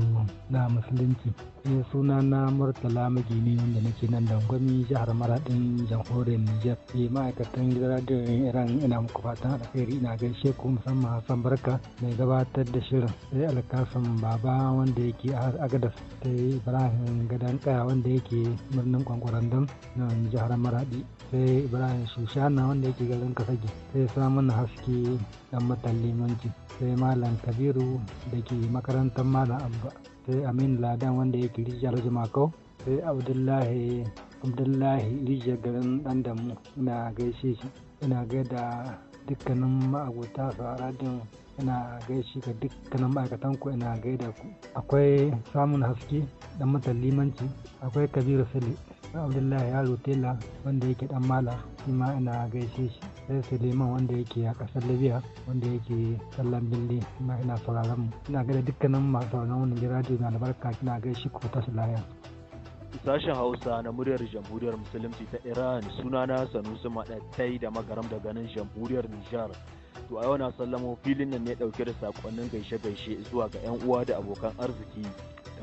na Musulunci. Ne suna na Murtala Magini wanda nake nan dangwami jihar Maradin jamhuriyar Nijar. Ke eh, ma'aikatan gidan Radio Iran ina muku fatan alheri ina gaishe ku musamman Hassan Barka mai gabatar da shirin. Sai eh, Alkasan Baba wanda yake a Agadas. ta eh, Ibrahim Gadan Kaya wanda yake kwankwaran Kwankwarandam na jihar Maradi. Sai Ibrahim Shushana wanda yake garin Kasage. Sai Samuna Haske dan matan limanci. sai malam kabiru da ke makarantar malam abba sai amin ladan wanda yake rijiyar jimakau sai abdullahi abdullahi rijiyar garin dan damu ina gaishe shi ina gaida dukkanin ma'abota sa radin ina gaishe ga dukkanin ma'aikatan ku ina gaida ku akwai samun haske dan matan limanci akwai kabiru sule abdullahi yaro tela wanda yake dan mala shi ma ina gaishe shi sai suleiman wanda yake a kasar libya wanda yake sallan bindi ma ina sauraron mu ina gaida dukkanin masu sauraron wani jira jiragen na albarka ina gaishe ku ta sulaya sashen hausa na muryar jamhuriyar musulunci ta iran sunana sanusi maɗatai da magaram daga nan jamhuriyar nijar to a yau na sallamo filin nan ne ɗauke da sakonnin gaishe-gaishe zuwa ga 'yan uwa da abokan arziki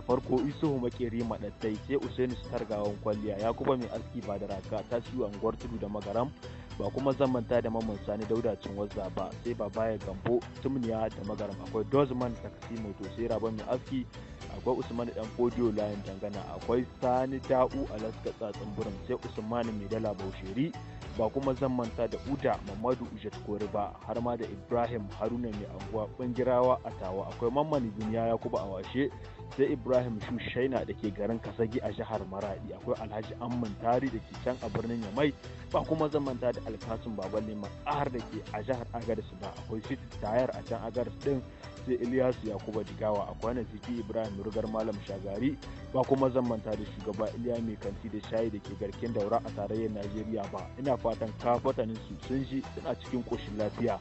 farko isuhu makeri maɗattai sai usaini su gawan kwalliya yakuba mai aski ba da raka ta siyo unguwar tudu da magaram ba kuma zamanta da mamman sani dauda cin wazza ba sai ba baya gambo tumniya da magaram akwai dozman takasi moto sai rabon mai aski akwai usman dan fodiyo layin dangana akwai sani da'u alaska tsatsin burin sai usman mai dala bausheri ba kuma zamanta da uda mamadu ujat kore ba har ma da ibrahim haruna mai anguwa bangirawa a tawa akwai mamman duniya ya kuba a washe sai ibrahim shushaina da ke garin kasagi a jihar maradi akwai alhaji amman tari da ke can a birnin yamai ba kuma zamanta da alkasun neman tsahar da ke a jihar agaris ba akwai city tayar a can agaris din sai ilyasu yakuba digawa akwai ziki ibrahim rugar malam shagari ba kuma zamanta da shugaba iliya mai kanti da shayi da ke garkin daura a tarayyar najeriya ba ina fatan kafatanin su sun ji suna cikin koshin lafiya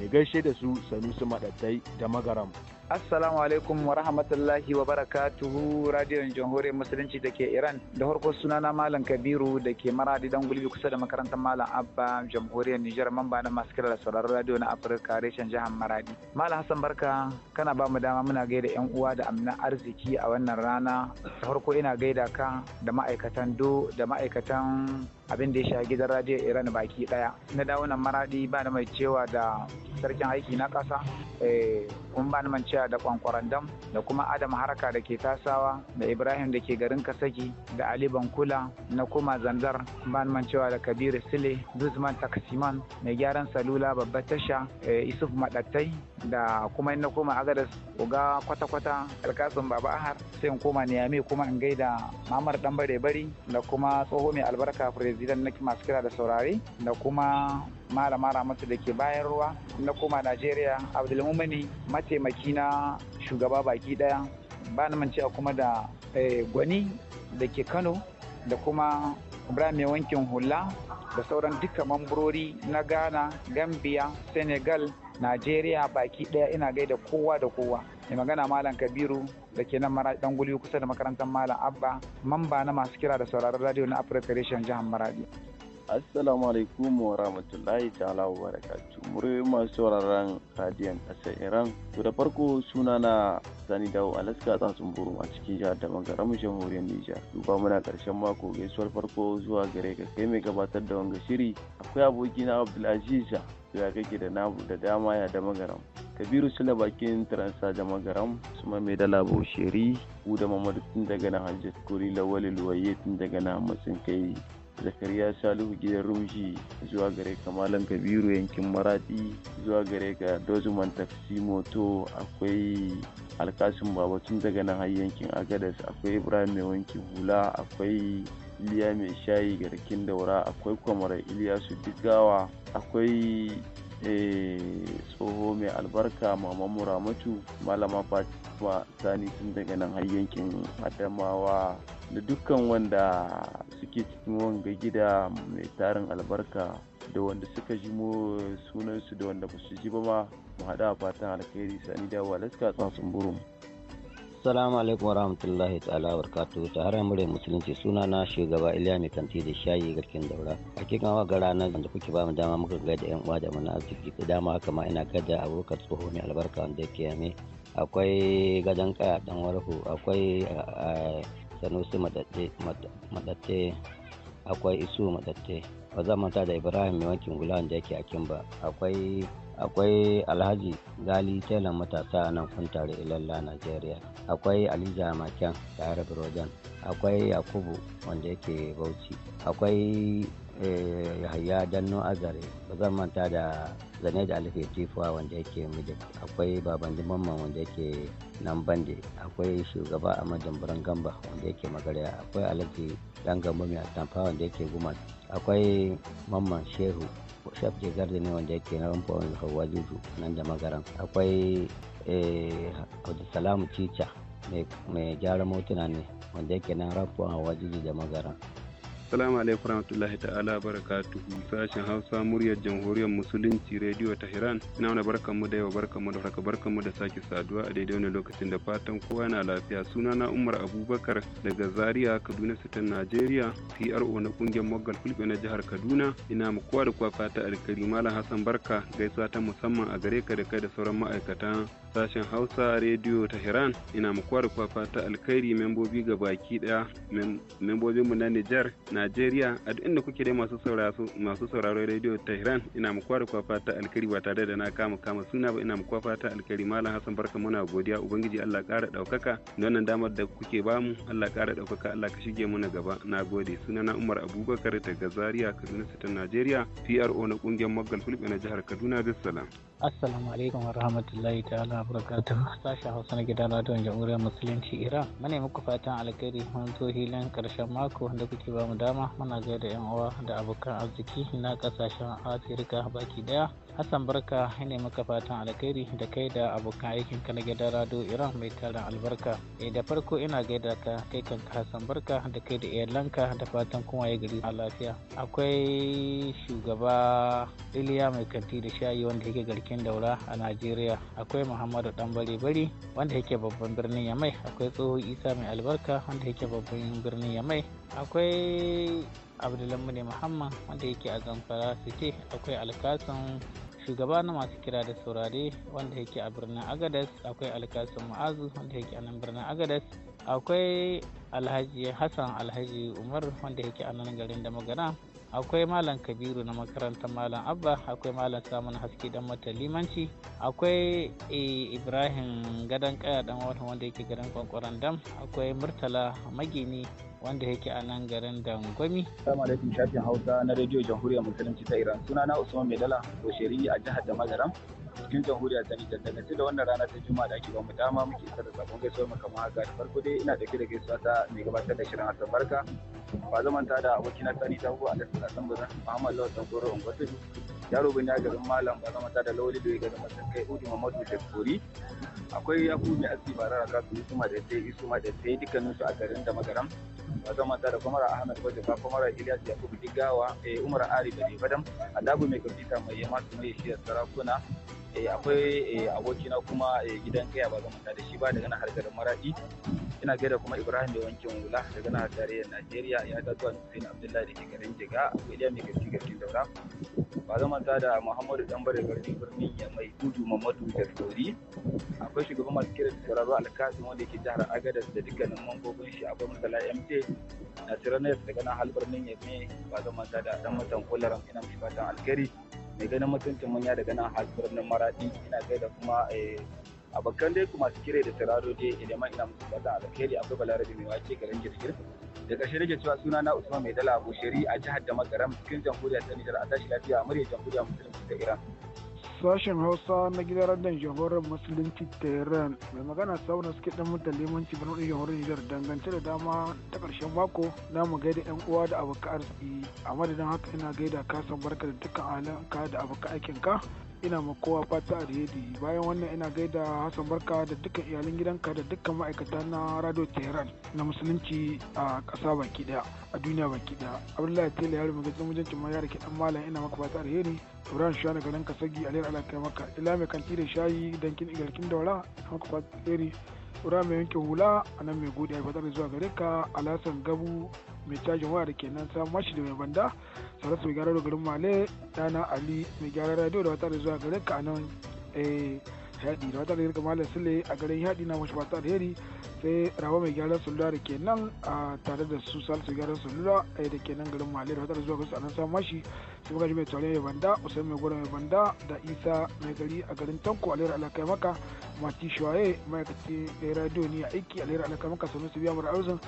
mai gaishe da su sanusi madadai da magaram Assalamu alaikum wa rahmatullahi wa barakatuhu radiyon jamhuriyar musulunci da ke Iran da harko sunana Malam Kabiru da ke maradi dan gulbi kusa da makarantar Malam Abba jamhuriyar Nijar mamba na masu kira da sauraron radiyo na Afirka reshen jihar Maradi. Malam Hassan Barka kana ba mu dama muna gaida yan uwa da amna arziki a wannan rana da harko ina gaida ka da ma'aikatan do da ma'aikatan abin da ya shafi gidan radiyo iran baki daya na dawo nan maradi ba da mai cewa da sarkin aiki na kasa eh, kuma ba na Aisha da Kwankwarandam da kuma Adam haraka da ke tasawa da Ibrahim da ke garin kasaki da Ali Bankula na kuma zanzar ban mancewa da Kabiru Sile Guzman Taksiman mai gyaran salula babbar tasha eh, Isuf Madattai da kuma in na koma Agadas Uga kwata-kwata Alkasun Baba Ahar sai in koma niyami kuma in gaida Mamar Dan Bare Bari da kuma tsoho mai albarka Firizidan na masu kira da saurare da kuma malama ramatu da ke bayan ruwa na koma najeriya abdulmumani mataimaki na shugaba baki daya ba na a kuma da eh, gwani da ke kano da kuma ibrahim mai wankin hula da sauran duka mamburori na ghana gambia senegal najeriya baki daya ina gaida kowa da kowa mai magana malam kabiru da ke nan dan kusa da makarantar malam abba mamba na masu kira da sauraron radio na afirka reshen jihar maradi Assalamu alaikum wa rahmatullahi ta'ala wa barakatu. Muryoyi masu sauraron radiyon ƙasar Iran. To da farko suna na Sani Dawo Alaska tsatsun Burma a cikin jihar da magaram jamhuriyar Nijar. Duba muna karshen mako gaisuwar farko zuwa gare ka kai mai gabatar da wanga shiri. Akwai abokina Abdulaziz ya kake da namu da dama ya da magaram. Kabiru Sula bakin Taransa da magaram ma mai dala Ku da Mamadu tun daga na Hajjat Kuri Lawali Luwaye tun daga na Matsin Kai. zakariya salihu gidan rumshi zuwa gare ka malam kabiru yankin maradi zuwa gare ka dozuman tafsi moto akwai alkasin baba tun daga nan har yankin agadas akwai ibrahim mai wanki hula akwai iliya mai shayi garkin daura akwai kwamara iliyasu digawa akwai eh, tsoho mai albarka maman muramatu malama fatima sani tun daga nan har yankin adamawa da dukkan wanda suke cikin wanga gida mai tarin albarka da wanda suka ji mu sunansu da wanda ba ji ba ma mu a fatan alkhairi sani da laska tsatsun burum Assalamu alaikum rahmatullahi ta'ala ta tare mure musulunci suna na shugaba Iliya mai kanti da shayi garkin daura kika wa gara nan da kuke ba mu dama muka ga da yan uwa da mana arziki da dama haka ma ina gada abokan tsoho mai albarka wanda ke yame akwai gadon kaya dan warhu akwai su madatte akwai isu madatte ba zan manta da ibrahim mai wankin gula da yake a kimba akwai akwai alhaji gali telan matasa a nan tare ilalla nigeria akwai alija maken da arab rojan akwai yakubu wanda yake bauchi akwai eh, yahaya danno azare ba zan manta da zane da alifetifuwa wanda yake mijin akwai baban mamman wanda yake nan bande akwai shugaba Ahmad Dambaran Gamba wanda yake magariya akwai Alhaji Dan gamba mai atamfa wanda yake guma akwai Mamman Shehu Shaf garda ne wanda yake na rumfa wani Hawwa Juju nan da magaran akwai eh, Abdulsalam Cica mai gyara motuna ne wanda yake nan rafuwa a wajiji da magaran Assalamu alaikum warahmatullahi ta'ala barakatuhu sashen Hausa muryar Jamhuriyar Musulunci Radio Tehran ina wani barkan mu da yawa barkan mu da haka barkan mu da sake saduwa a daidai wani lokacin da fatan kowa yana lafiya sunana Umar Abubakar daga Zaria Kaduna City nigeria PRO na kungiyar Moggal Fulbe na jihar Kaduna ina mu kowa da kowa fata alkari Malam Hassan Barka gaisuwa ta musamman a gare ka da kai da sauran ma'aikatan sashen hausa rediyo Hiran ina muku da fata alkhairi membobi ga baki daya membobinmu na nijar najeriya a duk inda kuke dai masu sauraro masu sauraro rediyo tehran ina muku da fata alkhairi ba tare da na kama kama suna ba ina muku fata alkhairi malam hassan barka muna godiya ubangiji allah kara daukaka da wannan damar da kuke bamu allah kara daukaka allah ka shige mu na gaba na gode na umar abubakar daga zaria kaduna sitan nigeria pro na kungiyar maggal fulbe na jihar kaduna bisalam Assalamu alaikum wa rahmatullahi ta'ala barakatuh sashen Hausa na gidan ladon jamhuriyar musulunci Iran mane muku fatan alkhairi mun zo hilin karshen mako da kuke ba mu dama muna gaida yan uwa da abokan arziki na kasashen Afirka baki daya Hassan Barka ina maka fatan alkhairi da kai da abokan aikin ka na gidan Rado Iran mai tarin albarka. E da farko ina gaida ka kai kanka Hassan Barka da kai da iyalanka da fatan kuma ya gari a lafiya. Akwai shugaba Iliya mai kanti da shayi wanda yake garkin daura a Najeriya. Akwai Muhammadu Dan Bari Bari wanda yake babban birnin Yamai. Akwai tsoho Isa mai albarka wanda yake babban birnin Yamai. Akwai Abdulhamid Muhammad wanda yake a Zamfara City. Akwai Alkasan shugaba na masu kira da saurare wanda yake a birnin agadas akwai alkasu ma'azu wanda yake a nan birnin agadas akwai alhaji hassan alhaji umar wanda yake a nan garin da magana akwai malam kabiru na makarantar malam abba akwai malam samun haske dan mata limanci akwai eh, ibrahim gadon kaya dan wata wanda yake garin kwankwaran dam akwai murtala magini wanda yake a nan garin dangwami. Salamu alaikum shafin Hausa na rediyo Jamhuriyar Musulunci ta Iran. Suna na Usman Maidala, Osheri a jihar da cikin jamhuriya ta Nijar daga da wannan rana ta Juma'a da ake ba mu dama muke isar da sakon gaisuwar mu kamar haka da farko dai ina tafi da gaisuwa ta mai gabatar da shirin Hassan Barka ba zaman ta da abokina Sani Tango a Lasa San Bazan Muhammad Lawal Goro Ongwatu yaro bin ya garin Malam ba zaman ta da Lawali da garin Matan kai Udu Mamadu da Kori akwai ku mai Asi Barara Kasu Isuma da Sai Isuma da Sai dukkanin su a garin da Magaram ba zaman ta da Kwamara Ahmed ba Kwamara Ilyas Yakubu Digawa eh, Umar Ari da Badam Adabu mai kafita mai yamma su mai shiyar sarakuna Eh, akwai eh, abokina kuma eh, gidan kaya ba zamanta da shi ba daga nan garin maradi ina gaida kuma ibrahim da wankin wula daga nan tarayyar najeriya ya ta zuwa nufin abdullahi da ke garin jiga william da gaske daura ba zamanta da muhammadu dan bare garin birnin ya mai dudu mamadu da akwai shugaban masu kira da sauraro alkasin wanda ke jihar agada da dukkanin mambobin shi akwai masala mt na tiranes daga nan halbar ya mai ba zamanta da dan matan kularan ina mai fatan alkari mai ganin mutuncin manya daga nan har birnin maradi ina kai da kuma eh, abokan dai kuma su kire da turaro da idan ma ina musu fata alkhairi akwai balarabi mai wake garin girgir da ƙarshe rage cewa suna na usman Maidala dala bushiri a jihar da magaram cikin jamhuriyar ta nijar a tashi lafiya a murya jamhuriyar musulunci ta iran sashen hausa na gidan radon jamhuriyar musulunci tehran mai magana sauran suke dan mutan limanci bana wadda jamhuriyar nijar dangance da dama ta karshen mako na mu gaida yan uwa da abokan arziki a madadin haka ina gaida kasan barka da dukkan da abokan aikin ka ina ma kowa fata alheri bayan wannan ina gaida hassan barka da dukkan iyalin gidanka da dukkan ma'aikata na radio tehran na musulunci a ƙasa baki daya a duniya baki daya abdullahi tela yaro mai gajin mujancin ma yara kidan malam ina maka fata alheri ibrahim shi daga nan kasagi a lera alaƙa maka ila mai kanti da shayi dankin igarkin daura maka fata alheri ibrahim mai yanke hula a nan mai gode a fatar zuwa gare ka alhassan gabu mai cajin waya da kenan nan samun mashi da mai banda sarar su mai gyara garin male dana ali mai gyara radio da wata da zuwa garin ka nan eh, yaɗi da wata da garin malam sule a garin yaɗi na mashi wata alheri sai rawa mai gyaran sulula da kenan a tare da su salisu gyaran sulula eh, da kenan garin male da wata da zuwa garin a nan samun mashi sai kuka ji mai taurin mai banda usain mai gwada mai banda da isa mai gari a garin tanko alheri alakai maka mati shuwaye ma'aikaci radio ne a aiki alheri alakai maka sannan su biya mara arzin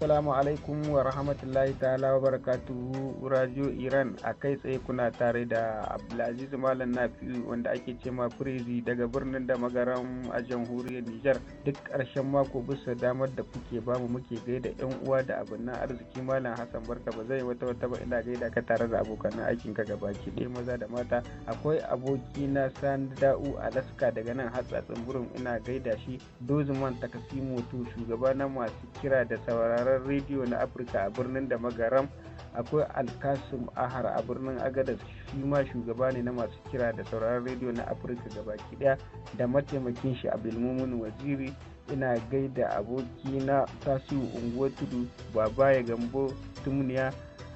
Assalamu alaikum wa rahmatullahi ta'ala wa barakatuhu Radio Iran a kai tsaye kuna tare da Abdulaziz Malam Nafi'u wanda ake ce ma firizi daga birnin da magaram a jamhuriyar Nijar duk ƙarshen mako bisa damar da kuke bamu muke gaida yan uwa da abinnan arziki Malam Hassan Barka ba zai wata wata ba ina gaida ka tare da abokan aikin ka gabaki ɗaya maza da mata akwai aboki na Sanda'u Alaska daga nan hatsatsin burin ina gaida shi Dozman Takasimoto shugaba na masu kira da sauraron sauraron rediyo na afirka a birnin da magaram akwai alkasim ahar a birnin agadas shi ma shugaba ne na masu kira da sauraron rediyo na afirka gabaki daya da mataimakin shi abdulmumin waziri ina gaida abokina tasiu unguwa tudu baba ya gambo tumuniya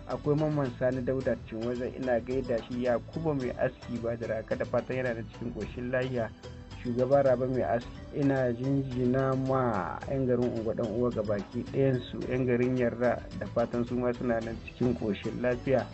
akwai mamman sani dauda cin wajen ina gaida shi ya kuma mai aski ba da raka da fatan yana da cikin koshin lahiya shugaba raba mai aski ina jinjina ma 'yan garin unguwa dan uwa ga baki ɗayansu 'yan garin yarda da fatan su ma suna nan cikin koshin lafiya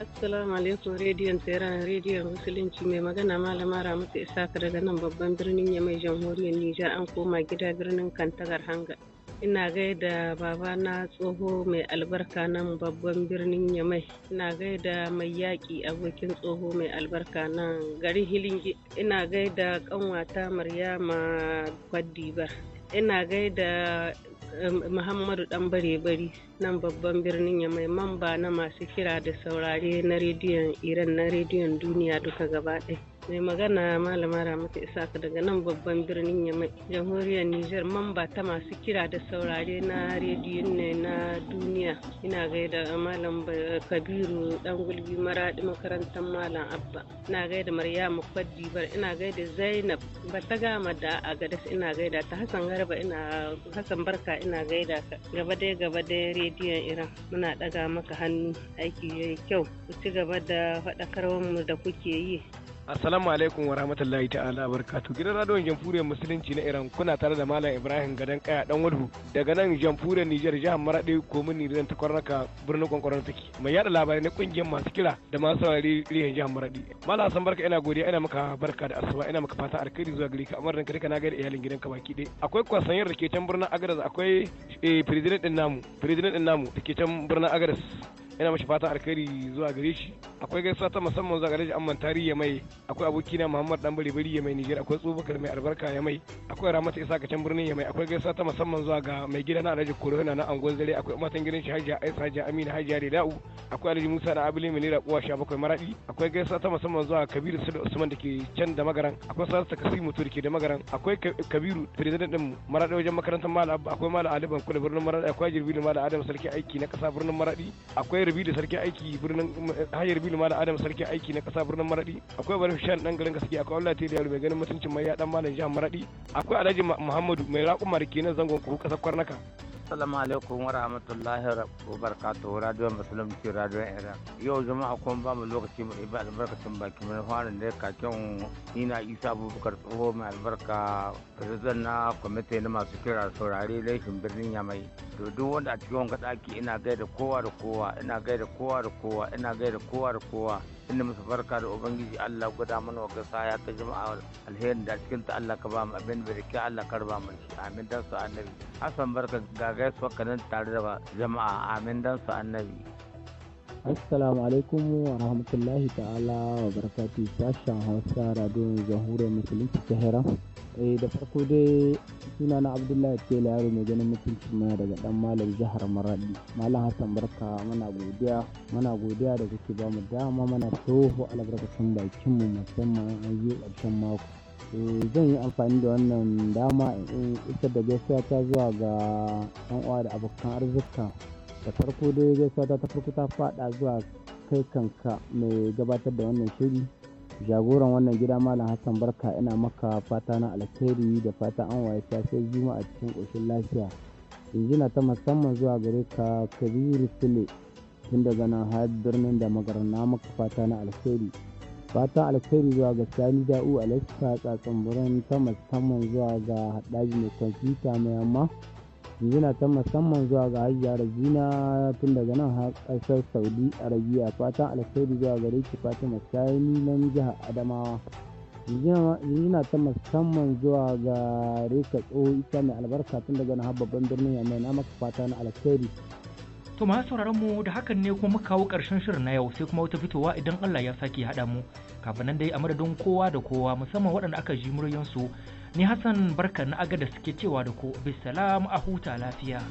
Assalamu alaikum rediyon tseren rediyon musulunci mai magana malama Ramatu Isaka daga nan babban birnin Yamai jamhuriyar Nijar an koma gida birnin Kantagar Hanga. ina gaida babana tsoho mai albarka nan babban birnin yamai ina gaida mai yaƙi abokin tsoho mai albarka nan garin hilingi ina gaida kanwata maryama kwadibar ina gaida eh, Muhammadu ɗan Bare-bari nan babban birnin ya mamba na masu kira da saurare na rediyon Iran na rediyon duniya duka gaba ɗaya. mai magana malama ramata isaka daga nan babban birnin yamai jamhuriyar niger mamba ta masu kira da saurare na rediyon ne na duniya ina gaida malam kabiru dan gulbi maradi makarantar malam abba ina gaida maryamu kwadibar ina gaida zainab ta gama da agadas ina gaida ta hassan garba ina hassan barka ina gaida ka gaba dai gaba dai rediyon iran muna daga maka hannu aiki yayi kyau ku ci gaba da faɗakarwar mu da kuke yi Assalamu alaikum wa rahmatullahi ta'ala barkatu. Gidan radon Jamhuriyar Musulunci na Iran kuna tare da Malam Ibrahim Gadan Kaya Dan Wadu. daga nan Jamhuriyar Nijar jihar Maradi komin Nijar ta kwarnaka birnin Kwankwaron take. Mai yada labarai na kungiyar masu kira da masu saurari rihin jihar Maradi. Malam Hassan barka ina godiya ina maka barka da asuba ina maka fata alkhairi zuwa gari ka amma ranka duka na ga iyalin gidan ka baki ɗaya. Akwai kwasanyar da ke can birnin Agadez akwai eh, president din namu president din namu da ke can birnin Agadez yana mashi fata alkhairi zuwa gare shi akwai gaisuwa ta musamman zuwa gare shi amman tarihi mai akwai na muhammad dan bari bari mai niger akwai tsubukar mai albarka ya mai akwai ramata isa kacan birnin ya mai akwai gaisuwa ta musamman zuwa ga mai gida na alhaji korona na angon zare akwai matan gidan shi hajiya aisa hajiya amina hajiya reda'u akwai alhaji musa na abili mai lera kuwa sha bakwai maradi akwai gaisuwa ta musamman zuwa kabiru sulu usman da ke can da magaran akwai ta kasi mutu da ke da magaran akwai kabiru president din maradi wajen makarantar malam akwai malam aliban kula birnin maradi akwai jirbi da malam adam sarki aiki na kasa birnin maradi akwai hayar bilu sarki aiki birnin hayar bilu malam adam sarki aiki na kasa birnin maradi akwai bari shan dan garin gaskiya akwai Allah tayi yaro mai ganin mutuncin mai ya dan malam jihar maradi akwai alhaji muhammadu mai raƙumar kenan zangon kuru kasar kwarnaka Assalamu alaikum wa rahmatullahi wa barakatuh radio musulunci radio era Yau jama'a kun ba mu lokaci mu ibi albarkacin baki mun fara da kakin ina Isa Abubakar tsoho mai albarka president na kwamiti na masu kira saurare laifin birnin Yamai. To duk wanda a cikin wanga daki ina gaida kowa da kowa ina gaida kowa da kowa ina gaida kowa da kowa. inda musu farka da ubangiji Allah guda mana wa gasa ya ta jama'a alherin da cikin ta Allah ka ba mu abin barke Allah karba mu shi amin dan su annabi hasan barka ga gaisuwa kanan tare da jama'a amin dan su annabi assalamu alaikum wa rahmatullahi ta'ala wa barakatu sashen hausa radiyon jamhuriyar musulunci ta hira eh da farko dai suna na abdullahi tela yaro mai ganin mutunci na daga dan malam jihar maradi malam hassan barka mana godiya mana godiya da kuke ba mu dama mana toho albarkacin bakin mu musamman an yi ƙarshen mako eh, zan yi amfani da wannan dama in isar da gaisuwa ta zuwa ga yan uwa da abokan arzikin. da farko dai gaisa ta farko ta fada zuwa kai kanka mai gabatar da wannan shiri jagoran wannan gida malam hassan barka ina maka fata na alkhairi da fata an waye juma a cikin ƙoshin lafiya injina ta musamman zuwa gare ka kabiru sule tun daga nan har birnin da magarna maka fata na alkhairi fata alkhairi zuwa ga sani da'u alaska tsatsan burin ta musamman zuwa ga haɗaji mai kwamfuta mai amma na ta musamman zuwa ga hajji Rabina tun daga nan har ƙasar Saudi Arabia fatan alkhairi zuwa gare ki Fatima Sani nan jihar Adamawa. na ta musamman zuwa ga Reka tso Isa mai albarka tun daga nan babban birnin Yamai na maka fata na alkhairi. To ma sauraron mu da hakan ne kuma kawo karshen shirin na yau sai kuma wata fitowa idan Allah ya sake haɗa mu. Kafin nan dai a madadin kowa da kowa musamman waɗanda aka ji muryansu ni Hassan barka na agada suke cewa da ku bisalamu a huta lafiya.